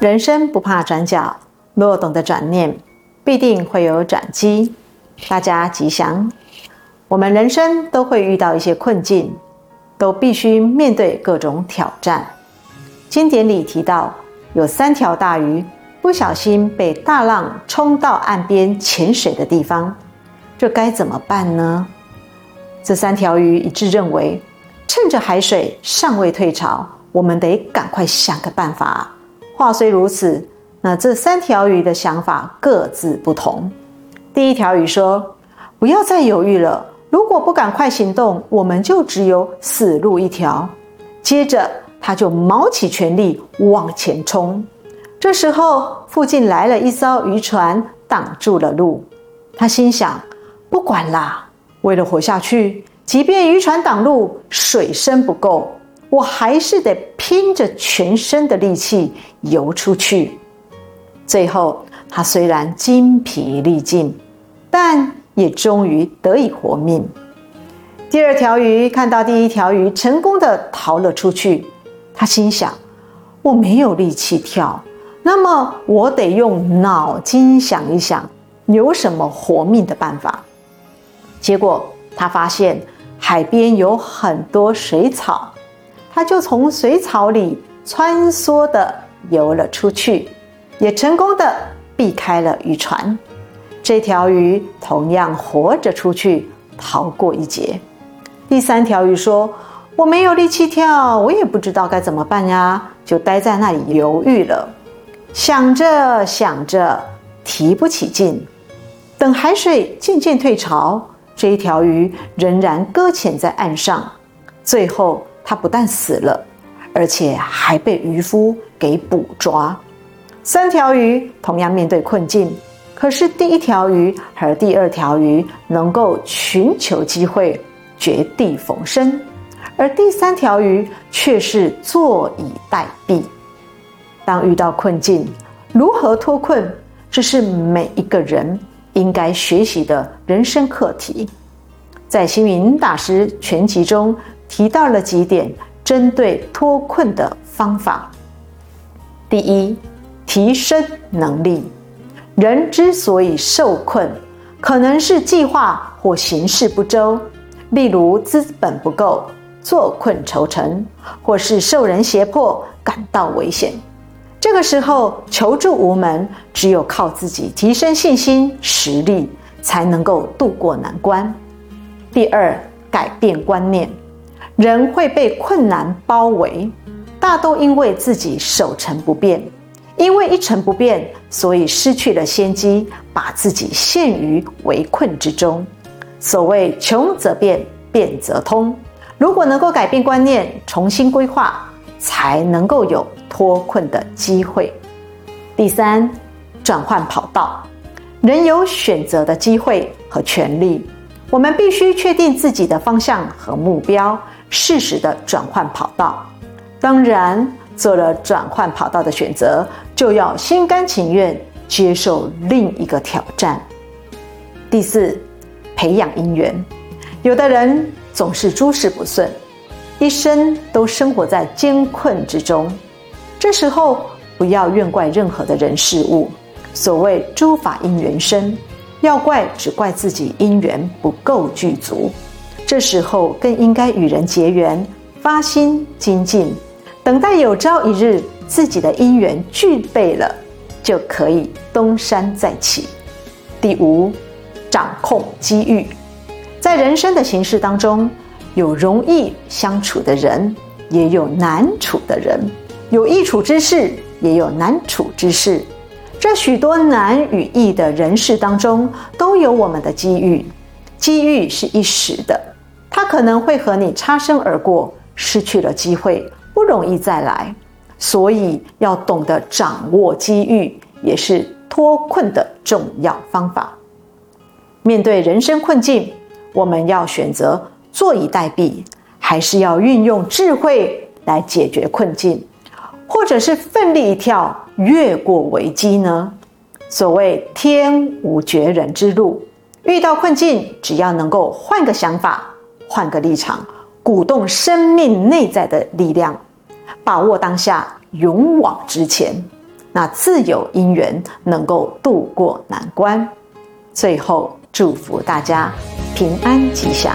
人生不怕轉角，若懂得轉念，必定會有轉機。大家吉祥。我們人生都會遇到一些困境，都必須面對各種挑戰。經典裡提到，有三條大魚不小心被大浪衝到岸邊淺水的地方，這該怎麼辦呢？這三條魚一致認為，趁着海水尚未退潮，我們得趕快想個辦法。話雖如此，那這三條魚的想法各自不同。第一條魚說：“不要再猶豫了，如果不趕快行動，我們就只有死路一條。”接着，他就卯起全力往前衝。這時候，附近來了一艘漁船，擋住了路。他心想：“不管啦，為了活下去，即便漁船擋路，水深不夠。”我還是得拼着全身的力氣游出去。最後，他雖然筋疲力盡，但也終於得以活命。第二條魚看到第一條魚成功的逃了出去，他心想：“我沒有力氣跳，那麼我得用腦筋想一想，有什麼活命的辦法。”結果他發現海邊有很多水草。他就從水草裡穿梭地游了出去，也成功地避開了漁船。這條魚同樣活着出去，逃過一劫。第三條魚說：“我沒有力氣跳，我也不知道該怎麼辦呀、啊，就待在那裡猶豫了。想着想着，提不起勁。等海水漸漸退潮，這一條魚仍然擱淺在岸上。最後。”他不但死了，而且還被漁夫給捕抓。三條魚同樣面對困境，可是第一條魚和第二條魚能夠尋求機會絕地逢生，而第三條魚卻是坐以待斃。當遇到困境，如何脫困，這是每一個人應該學習的人生課題。在星雲大師全集中。提到了幾點針對脫困的方法：第一，提升能力。人之所以受困，可能是計劃或行事不周，例如資本不夠，坐困愁城，或是受人脅迫感到危險。這個時候求助無門，只有靠自己提升信心、實力，才能夠度過難關。第二，改變觀念。人會被困難包圍，大都因為自己守成不變，因為一成不變，所以失去了先機，把自己陷於圍困之中。所謂窮則變，變則通。如果能夠改變觀念，重新規劃，才能夠有脫困的機會。第三，轉換跑道。人有選擇的機會和權利。我們必須確定自己的方向和目標。適時的轉換跑道，當然做了轉換跑道的選擇，就要心甘情願接受另一個挑戰。第四，培養因緣。有的人總是諸事不順，一生都生活在艱困之中，這時候不要怨怪任何的人事物。所謂諸法因緣生，要怪只怪自己因緣不夠具足。這時候更應該與人結緣，發心精進，等待有朝一日自己的因緣具備了，就可以東山再起。第五，掌控機遇，在人生的形式當中，有容易相處的人，也有難處的人；有易處之事，也有難處之事。這許多難與易的人事當中，都有我們的機遇。機遇是一時的。他可能會和你擦身而過，失去了機會不容易再來，所以要懂得掌握機遇，也是脫困的重要方法。面對人生困境，我們要選擇坐以待斃，還是要運用智慧來解決困境，或者是奮力一跳越過危機呢？所謂天無絕人之路，遇到困境，只要能夠換個想法。換個立場，鼓動生命內在的力量，把握當下，勇往直前，那自有因緣能夠渡過難關。最後祝福大家平安吉祥。